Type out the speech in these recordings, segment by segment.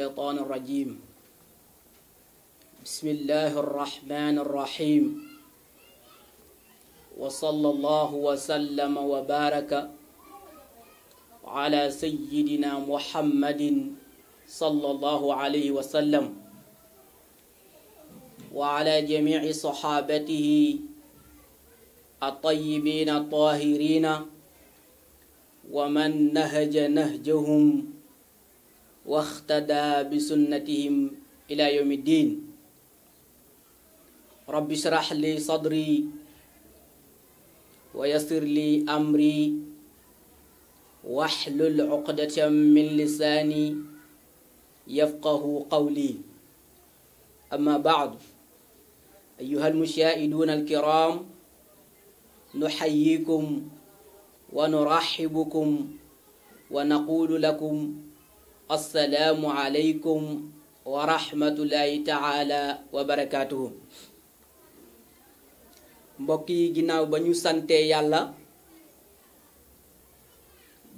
الشيطان الرجيم بسم الله الرحمن الرحيم وصلى الله وسلم وبارك على سيدنا محمد صلى الله عليه وسلم وعلى جميع صحابته الطيبين الطاهرين ومن نهج نهجهم واختدى بسنتهم إلى يوم الدين رب اشرح لي صدري ويسر لي أمري واحلل عقدة من لساني يفقه قولي أما بعد أيها المشاهدون الكرام نحييكم ونرحبكم ونقول لكم السلام عليكم ورحمة الله تعالى وبركاته mbokk yi ginnaaw ba ñu sante yàlla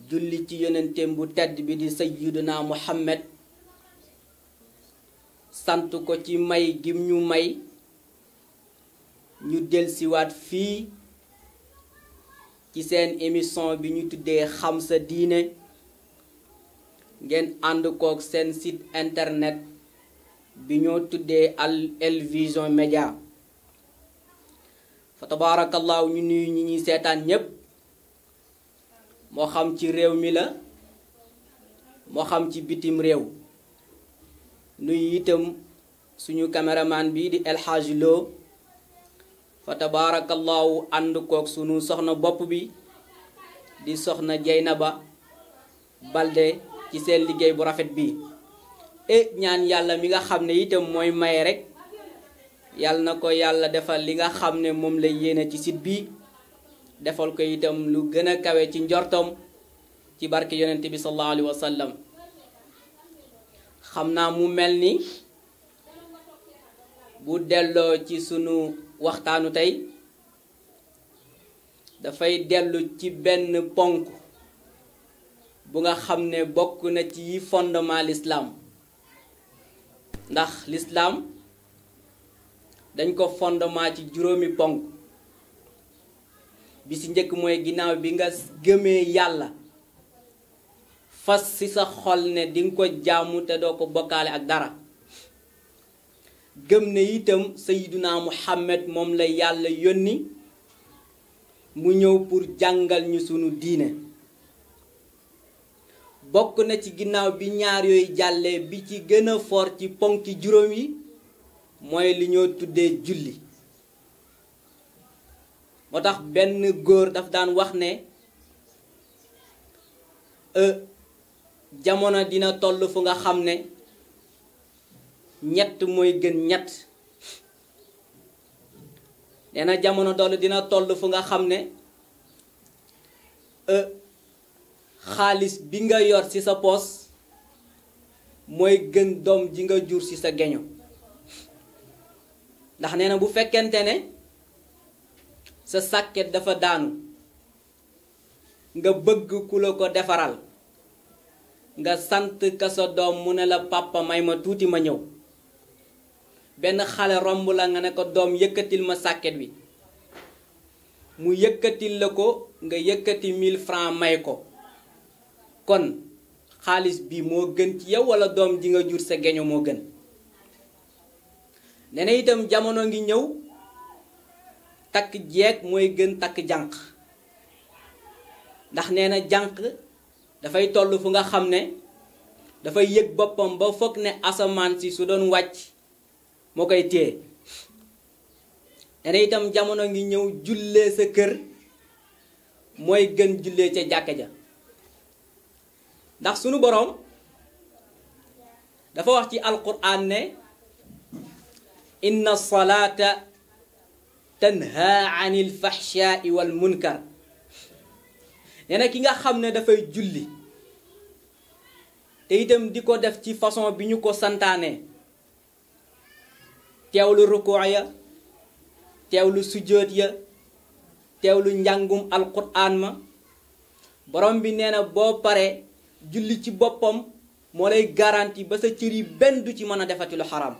julli ci yonenteem bu tedd bi di sayyiduna muhammad sant ko ci may gim ñu may ñu delsiwaat fii ci seen émission bi ñu tuddee xam sa diine ngeen ànd koog seen sit internet bi ñoo tuddee El Vision Média fa tabaarakallaahu ñu nuyu ñi ñuy seetaan ñépp moo xam ci réew mi la moo xam ci bitim réew nuyu itam suñu caméraman bi di El Hadj Lo fa tabaarakallaahu ànd koog sunu soxna bopp bi di soxna jay na ba Balde ci seen liggéey bu rafet bi e ñaan yàlla mi nga xam ne itam mooy may rek yàlla na ko yàlla defal li nga xam ne moom la yéene ci sit bi defal ko itam lu gën a kawe ci njortam ci barke yonent bi sallallahu xam naa mu mel ni bu delloo ci sunu waxtaanu tey dafay dellu ci benn ponk bu nga xam ne bokk na ci yi fondement l'islam ndax l'islam dañ ko fondement ci juróomi ponk bi ci njëkk mooy ginnaaw bi nga gëmee yàlla fas ci sa xol ne di ko jaamu te doo ko bokkaale ak dara gëm ne itam sayiduna muhammad moom la yàlla yónni mu ñëw pour jàngal ñu sunu diine bokk na ci ginnaaw bi ñaar yooyu jàllee bi ci gën a foor ci ponki juróom yi mooy li ñoo tuddee julli moo tax benn góor daf daan wax ne euh, jamono dina toll fu nga xam ne ñett mooy gën ñett nee na jamono doll dina toll fu nga xam ne euh, xaalis bi nga yor ci sa pos moy gën dom ji nga jur ci sa geño ndax nee bu fekkente ne sa dafa daanu nga bëgg ku la ko defaral nga sant ka sa dom mu ne la papa may ma tuuti ma ñëw ben xalé romb la nga ne ko dom yëkkatil ma bi mu yëkkatil la ko nga yëkkati 1000 francs may ko kon xaalis bi moo gën ci yow wala doom ji nga jur sa geño moo gën nee na itam jamono ngi ñëw takk jeeg mooy gën takk jànq ndax nee na jànq dafay toll fu nga xam ne dafay yëg boppam ba foog ne asamaan si su doon wàcc moo koy téye nee na itam jamono ngi ñëw jullee sa kër mooy gën jullee ca jàkka ja ndax sunu borom dafa wax ci alquran ne inna salata tanha an ilfaxshaai wal munkar nee ki nga xamne da fay julli te itam diko def ci façon biñu ko santane tewlu ruku'ya tewlu teewlu ya tewlu njàngum alquran ma borom bi neena bo pare julli ci bopam mo lay garantie ba sa ciri ben du ci meuna defati lu haram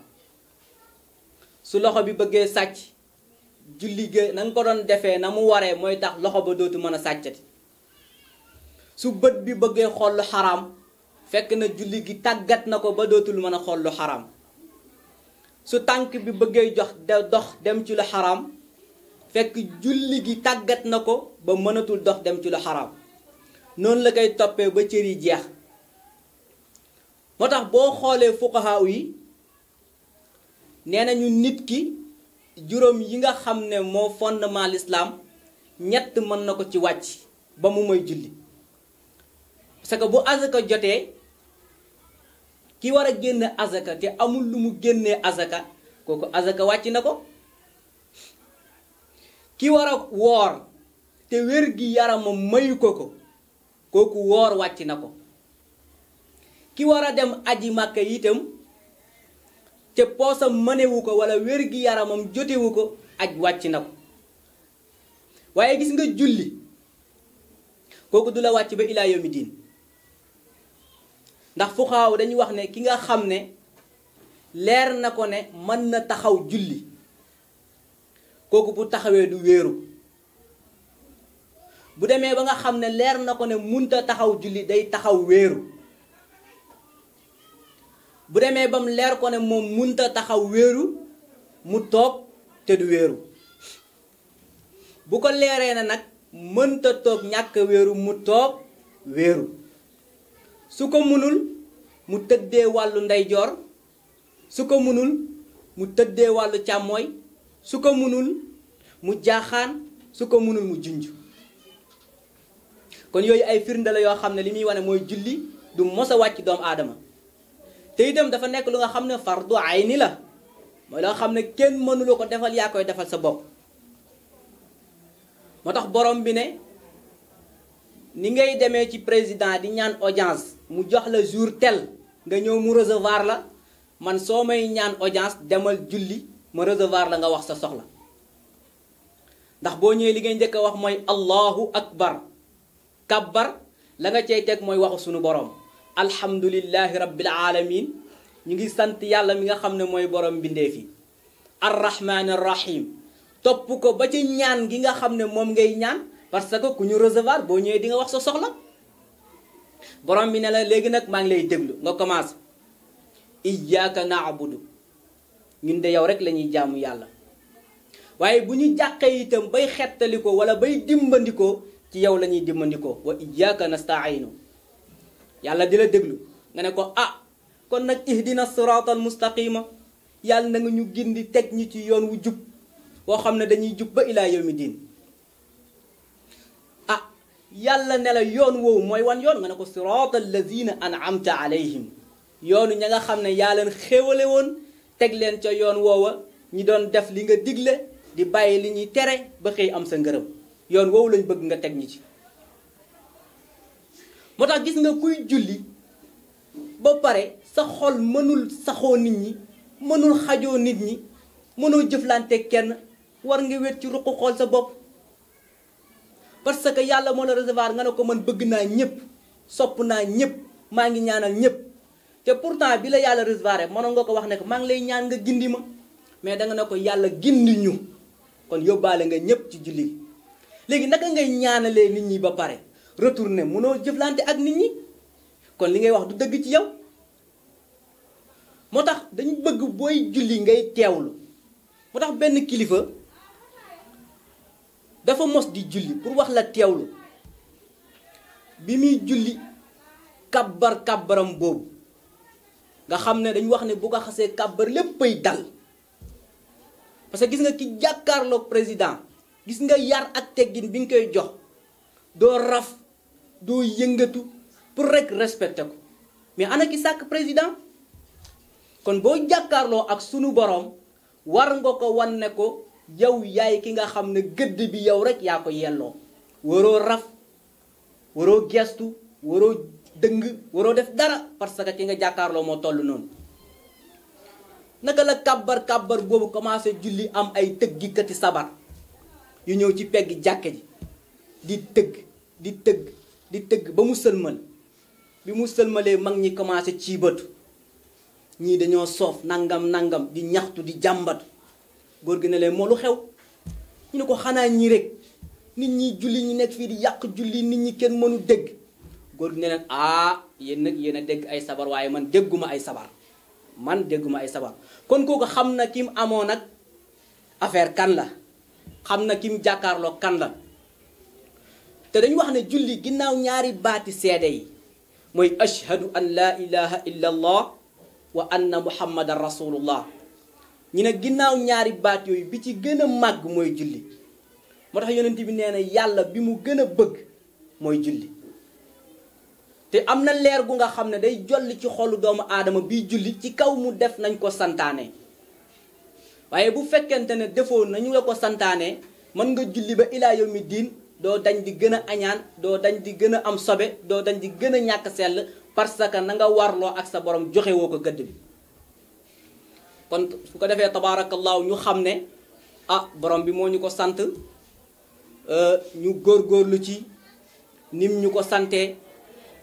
su loxo bi beugé sàcc julli ge nang ko don defé namu waré moy tax loxo ba dootu meuna a sàccati su beut bi beugé xol lu haram fekk na julli gi tagat nako ba dootul meuna xol lu haram su tànk bi beugé jox dox dem ci lu haram fekk julli gi tagat nako ba meunatul dox dem ci lu haram noonu la koy toppee ba cër jeex moo tax boo xoolee fuqahaaw yi nee nañu nit ki juróom yi nga xam ne moo fondement l'islam ñett mën na ko ci wàcc ba mu may julli parce bu azaka jotee ki war a génn azaka te amul lu mu génnee azaka kooku azaka wàcc na ko ki war a woor te wér gi yaramam mayu ko ko kooku woor wàcc na ko ki war a dem aji màkka yitam ca poosam mënewu ko wala wér-gi yaramam jotewu ko aj wàcc na ko waaye gis nga julli kooku du la wàcc ba ilaa yomi diin ndax fuxaaw dañuy wax ne ki nga xam ne leer na ko ne mën na taxaw julli kooku bu taxawee du wéeru bu demee ba nga xam ne leer na ko ne munta taxaw julli day taxaw wéeru bu demee bam leer ko ne moom munta taxaw wéeru mu toog te du wéeru bu ko leeree na nag mënta toog ñàkk weeru mu toog wéeru su ko mënul mu tëddee wàllu ndeyjoor su ko mënul mu tëddee wàllu càmmooy su ko mënul mu jaaxaan su ko munul mu junj kon yooyu ay firnde la yoo xam ne li muy wane mooy julli du mos a wàcc doomu aadama te itam dafa nekk lu nga xam ne fardu ayni la mooy loo xam ne kenn mënuloo ko defal yaa koy defal sa bopp moo tax borom bi ne ni ngay demee ci président di ñaan audience mu jox la jour tel nga ñëw mu recevoir la man soo may ñaan audience demal julli ma recevoir la nga wax sa soxla ndax boo ñëwee li ngay njëkk a wax mooy allahu akbar kabbar la nga cey teg mooy waxu sunu borom alhamdulillahi rabbil alamin ñu ngi sant yàlla mi nga xam ne mooy borom bindeef yi arrahmanir rahim topp ko ba ci ñaan gi nga xam ne moom ngay ñaan parce que ku ñu recevoir boo ñëwee di nga wax sa soxla borom bi ne la léegi nag maa ngi lay déglu nga commencé iyyaka na'budu ñun de yow rek la ñuy jaamu yàlla waaye bu ñu jàqee itam bay xettali ko wala bay dimbandikoo ci yow lañuy demandiko wa iyyaka nasta'inu yàlla dila déglu nga ne ko ah kon nak ihdina siratal mustaqima yàlla na nga ñu gindi tek ñi ci yoon wu jup boo xamne dañuy jup ba ila yawmi ah yàlla ne la yoon wo moy wan yoon nga ne ko siratal ladzina an'amta alayhim yoon ñi nga xamne ya yaa leen xéewale woon teg leen ca yoon woowa ñi doon def li nga digle di bàyyi li ñi tere ba xëy am sa ngeureum yoon woowu lañ bëgg nga teg ñi ci moo tax gis nga kuy julli ba pare sa xol mënul saxoo nit ñi mënul xajoo nit ñi mënoo jëflante kenn war nga wet ci ruq xool sa bopp parce que yàlla moo la recevoir nga ne ko man bëgg naa ñëpp sopp naa ñëpp maa ngi ñaanal ñëpp te pourtant bi la yàlla recevoir mënoon nga ko wax ne ko maa ngi lay ñaan nga gindi ma mais danga ne ko yàlla gindi ñu kon yóbbaale nga ñëpp ci julli Retournez naka ngay ñaanalé nit ñi ba paré retourner mëno ak nit ñi kon du dëgg ci yow motax dañu bëgg boy julli ngay téwlu kilifa dafa mos di pour wax la bi julli nga ne wax né bu ko dal parce que président gis nga yar ak teggin bi nga jox do raf do yengatu pour rek respecté ko mais ana ki sak président kon bo jakarlo ak sunu borom war nga ko wan ko yow yaay ki nga xamne bi yow rek ya ko yello raf woro gestu woro dëng woro def dara parce que ki nga jakarlo mo tollu non naka la kabar kabar bobu commencé julli am ay tëggikati sabar yu ñëw ci pegg jàkka ji di tëgg di tëgg di tëgg ba mu sëlmal bi mu sëlmalee mag ñi commencé ci bëtu ñii dañoo soof nangam nangam di ñaxtu di jàmbatu góor gi ne leen moo lu xew ñu ne ko xanaa ñii rek nit ñi julli ñi nekk fii di yàq julli nit ñi kenn mënu dëgg góor gi neleen leen ah yéen nag a dégg ay sabar waaye man dégguma ay sabar man dégguma ay sabar kon kooku xam na ki mu amoon nag affaire kan la xam na ki jàkkaarloo kan la te dañu wax ne julli ginnaaw ñaari baati seede yi mooy ashhadu an laa ilaha illa allah wa anna muhammadan rasulullah ñi ne ginnaaw ñaari baat yooyu bi ci gën màgg mooy julli moo tax yonent bi nee na yàlla bi mu gën a bëgg mooy julli te am na leer gu nga xam ne day jolli ci xoolu doomu aadama biy julli ci kaw mu def nañ ko santaane waaye bu fekkente ne defoo nañu la ko santaane mën nga julli ba ilaa yawmi diin doo dañ di gën a añaan doo dañ di gën a am sobe doo dañ di gën a ñàkk sell parce que na nga warloo ak sa borom joxe woo ko gëdd bi kon su ko defee tabaarakallaahu ñu xam ne ah borom bi moo ñu ko sant euh, ñu góor góorlu ci nim ñu ko santee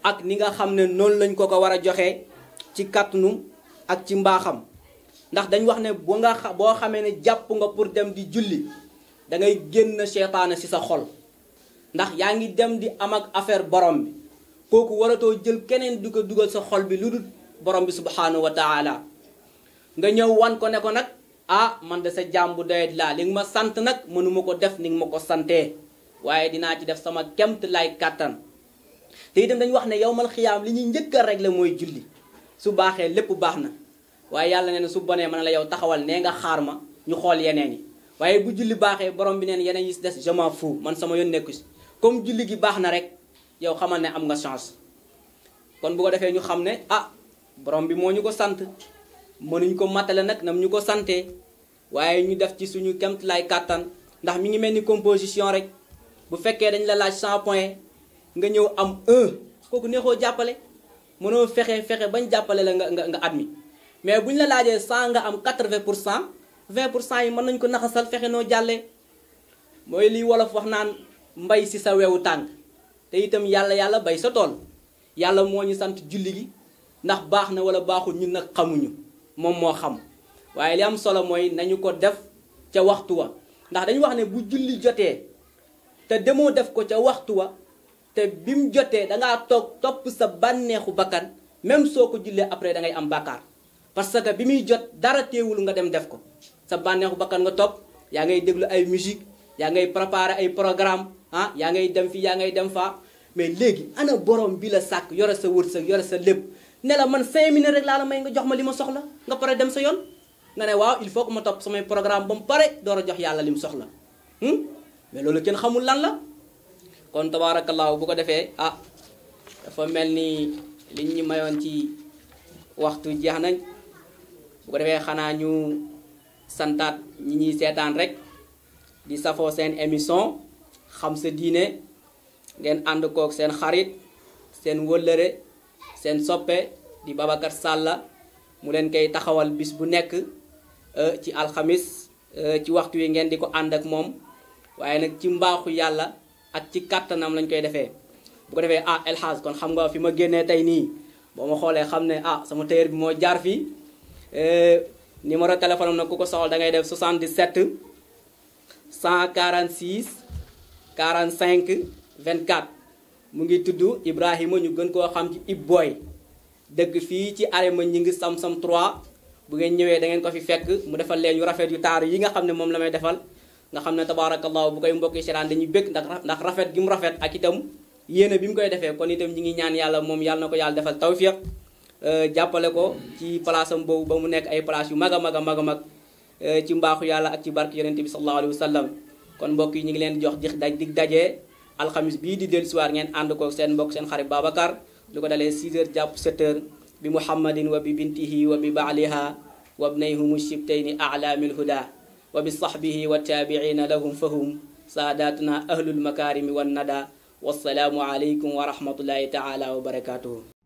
ak ni nga xam ne noonu lañ ko ko war a joxe ci kàttanu ak ci mbaaxam ndax dañ wax ne bo nga bo xamé ne japp nga pour dem di julli da ngay genn seytaane si sa xol ndax yaangi dem di am ak affaire borom bi koku warato jël keneen du ko duggal sa xol bi lu borom bi subhanahu wa taala nga ñew wan ko ne ko nak ah man de sa jambu doyet la li ma sant mënuma ko def ni ma ko santee waye dina ci def sama kemt lay katan. te itam dañ wax ne yawmal khiyam li ñi njëkk a rek la julli su baxé lepp baxna waaye yàlla nee na su bonee mën la yow taxawal nee nga xaar ma ñu xool yeneen yi waaye bu julli baaxee borom bi neen yeneen yi si des je m'en man sama yoon nekku si comme julli gi baax na rek yow xamal ne am nga chance kon bu ko defee ñu xam ne ah borom bi moo ñu ko sant mënuñ ko matale nag nam ñu ko santee waaye ñu def ci suñu kemt lay ndax mi ngi mel ni composition rek bu fekkee dañ la laaj 100 points nga ñëw am 1 kooku neexoo jàppale mënoo fexe fexe bañ jàppale la nga nga nga admis mais bu ñu la laajee 100 nga am 80 pour cent 20 pour cent yi mën nañ ko naxasal fexe noo jàllee mooy lii wolof wax naan mbay si sa wewu tànk te itam yàlla yàlla bay sa tool yàlla moo ñu sant julli gi ndax baax na wala baaxul ñun nag xamuñu moom moo xam waaye li am solo mooy nañu ko def ca waxtu wa ndax dañu wax ne bu julli jotee te demoo def ko ca waxtu wa te bi mu jotee dangaa toog topp sa bànneexu bakkan même soo ko jullee après da ngay am bàkkaar parce que bi muy jot dara téwul nga dem def ko sa bànneexu bakkan nga top ya ngay déglu ay musique ya ngay préparer ay programme ah ya ngay dem fi ya ngay dem fa mais légui ana borom bi la sak yoré sa ak yoré sa lepp né la man 5 minutes rek la la may nga jox ma lima soxla nga paré dem sa yoon nga né waaw il faut que ma top sama programme bam paré pare jox yalla lim soxla hmm mais lolu ken xamul lan la kon tabarakallah bu ko défé ah dafa melni ni liñ ñi mayon ci waxtu jeex nañ bu ko defee xanaa ñu santaat ñi ñuy seetaan rek di safoo seen émission xam sa diine ngeen ànd kook seen xarit seen wëllëre seen soppe di babakat Salla mu leen koy taxawal bis bu nekk euh, ci alxamis euh, ci waxtu wi ngeen di ko ànd ak moom waaye nag ci mbaaxu yàlla ak ci kàttanam lañ koy defee bu ko defee ah El kon xam nga fi ma génnee tey nii boo ma xoolee xam ne ah sama tailleur bi moo jaar fii Eh, numéro de téléphone nak kuko ku da ngay def 77 146 45 24 mu ngi tuddu Ibrahima ñu gën ko xam ci Ibboy deug fi ci Arema ñi ngi Sam-Sam 3 bu ngeen ñëwé da ngeen ko fi fekk mu defal leen yu rafet yu tar yi nga xamne mom lamay defal nga xamne tabarakallah bu koy mbokki seetaan dañuy bëgg ndax ndax rafet gi mu rafet ak itam yene bi mu koy defé kon itam ñi ngi ñaan yalla mom yalla nako yalla defal tawfiq jàppale ko ci place am bobu ba mu nek ay place yu maga maga maga mag ci mbaxu yàlla ak ci barki yonente bi sallallahu alaihi wasallam kon mbok yi ñi ngi leen jox dix daj dig daje al khamis bi di del soir ngeen ànd ko sen mbok sen xarit babakar liko dale 6 6h jàpp 7 h bi muhammadin wa bi bintihi wa bi ba'liha wa bnayhum a'la min huda wa bi sahbihi wa tabi'ina lahum fahum ساداتنا أهل المكارم والندى والسلام عليكم ورحمة الله تعالى وبركاته